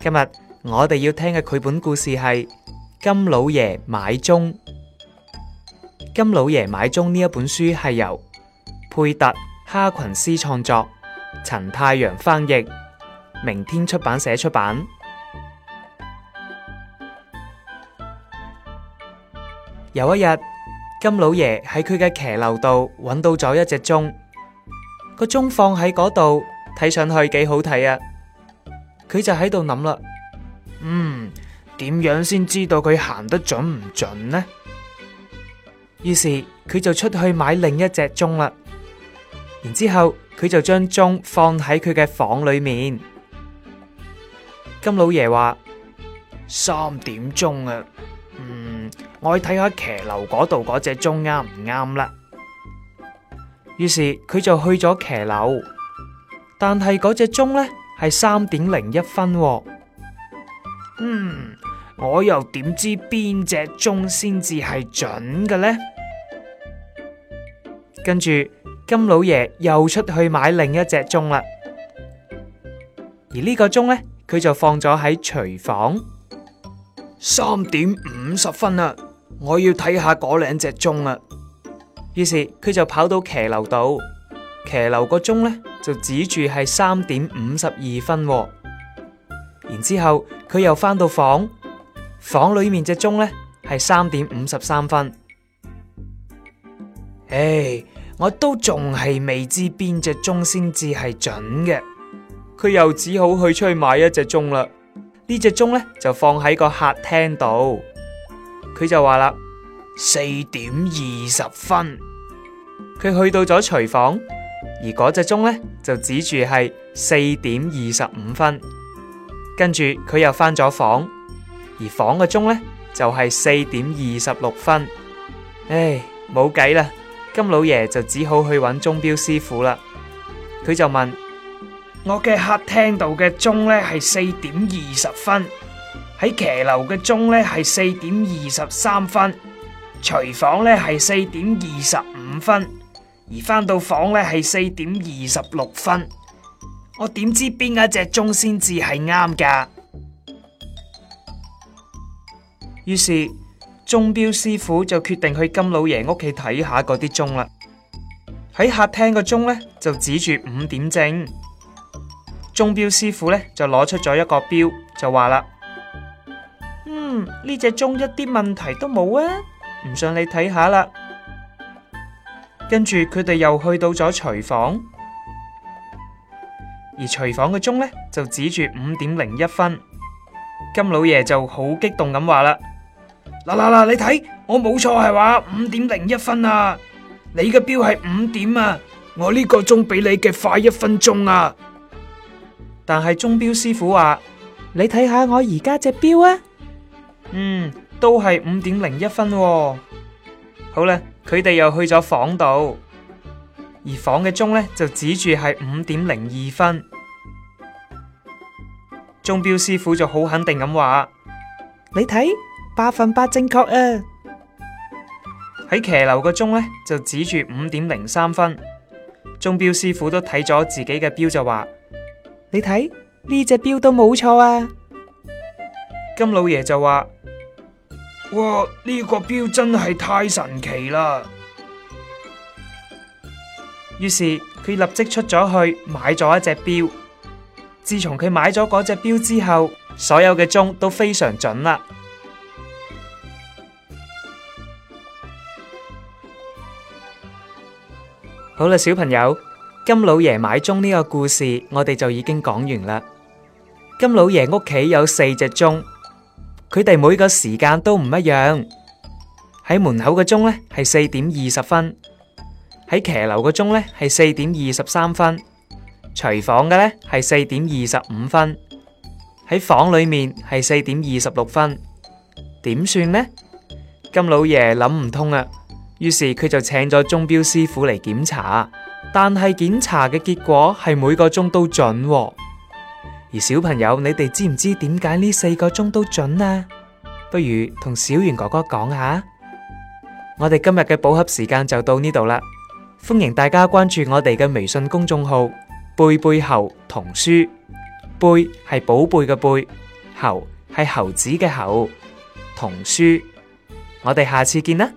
今日我哋要聽嘅繪本故事係《金老爺買鐘》。《金老爺買鐘》呢一本書係由佩特哈群斯創作，陳太陽翻譯，明天出版社出版。有一日，金老爺喺佢嘅騎樓度揾到咗一隻鐘，個鐘放喺嗰度，睇上去幾好睇啊！佢就喺度諗啦，嗯，點樣先知道佢行得準唔準呢？於是佢就出去買另一隻鐘啦，然之後佢就將鐘放喺佢嘅房裏面。金老爺話三點鐘啊，嗯，我去睇下騎樓嗰度嗰隻鐘啱唔啱啦。於是佢就去咗騎樓，但係嗰隻鐘呢？係三點零一分喎。哦，嗯，我又點知邊隻鐘先至係準嘅呢？跟住金老爺又出去買另一隻鐘啦，而呢個鐘呢，佢就放咗喺廚房。三點五十分啦，我要睇下嗰兩隻鐘啊！於是佢就跑到騎樓度，騎樓個鐘呢。就指住係三點五十二分，然之後佢又返到房，房裏面隻鐘呢係三點五十三分。唉，我都仲係未知邊隻鐘先至係準嘅，佢又只好去出去買一隻鐘啦。呢隻鐘呢，就放喺個客廳度，佢就話啦，四點二十分，佢去到咗廚房。而嗰隻鐘呢，就指住係四點二十五分，跟住佢又返咗房，而房個鐘呢，就係四點二十六分。唉，冇計啦，金老爺就只好去揾鐘表師傅啦。佢就問：我嘅客廳度嘅鐘呢係四點二十分，喺騎樓嘅鐘呢係四點二十三分，廚房呢係四點二十五分。而返到房咧係四點二十六分，我點知邊一隻鐘先至係啱噶？於是鐘表師傅就決定去金老爺屋企睇下嗰啲鐘啦。喺客廳個鐘咧就指住五點正，鐘表師傅咧就攞出咗一個表就話啦：嗯，呢隻鐘一啲問題都冇啊，唔信你睇下啦。跟住佢哋又去到咗廚房，而廚房嘅鐘呢就指住五點零一分。金老爺就好激動咁話啦：嗱嗱嗱，你睇我冇錯，係話五點零一分啊！你嘅表係五點啊，我呢個鐘比你嘅快一分鐘啊！但係鐘表師傅話：你睇下我而家隻表啊，嗯，都係五點零一分。好啦。佢哋又去咗房度，而房嘅鐘咧就指住係五點零二分，鐘表師傅就好肯定咁話：你睇，百分百正確啊！喺騎樓個鐘咧就指住五點零三分，鐘表師傅都睇咗自己嘅表就話：，你睇，呢隻表都冇錯啊！金老爺就話：哇！呢個表真係太神奇啦！於是佢立即出咗去買咗一隻表。自從佢買咗嗰隻表之後，所有嘅鐘都非常準啦。好啦，小朋友，金老爺買鐘呢個故事，我哋就已經講完啦。金老爺屋企有四隻鐘。佢哋每個時間都唔一樣，喺門口個鐘咧係四點二十分，喺騎樓個鐘咧係四點二十三分，廚房嘅咧係四點二十五分，喺房裏面係四點二十六分，點算呢？金老爺諗唔通啊，於是佢就請咗鐘表師傅嚟檢查，但係檢查嘅結果係每個鐘都準喎。而小朋友，你哋知唔知點解呢四個鐘都準啊？不如同小袁哥哥講下。我哋今日嘅寶盒時間就到呢度啦。歡迎大家關注我哋嘅微信公眾號《貝貝猴童書》。貝係寶貝嘅貝，猴係猴子嘅猴。童書，我哋下次見啦。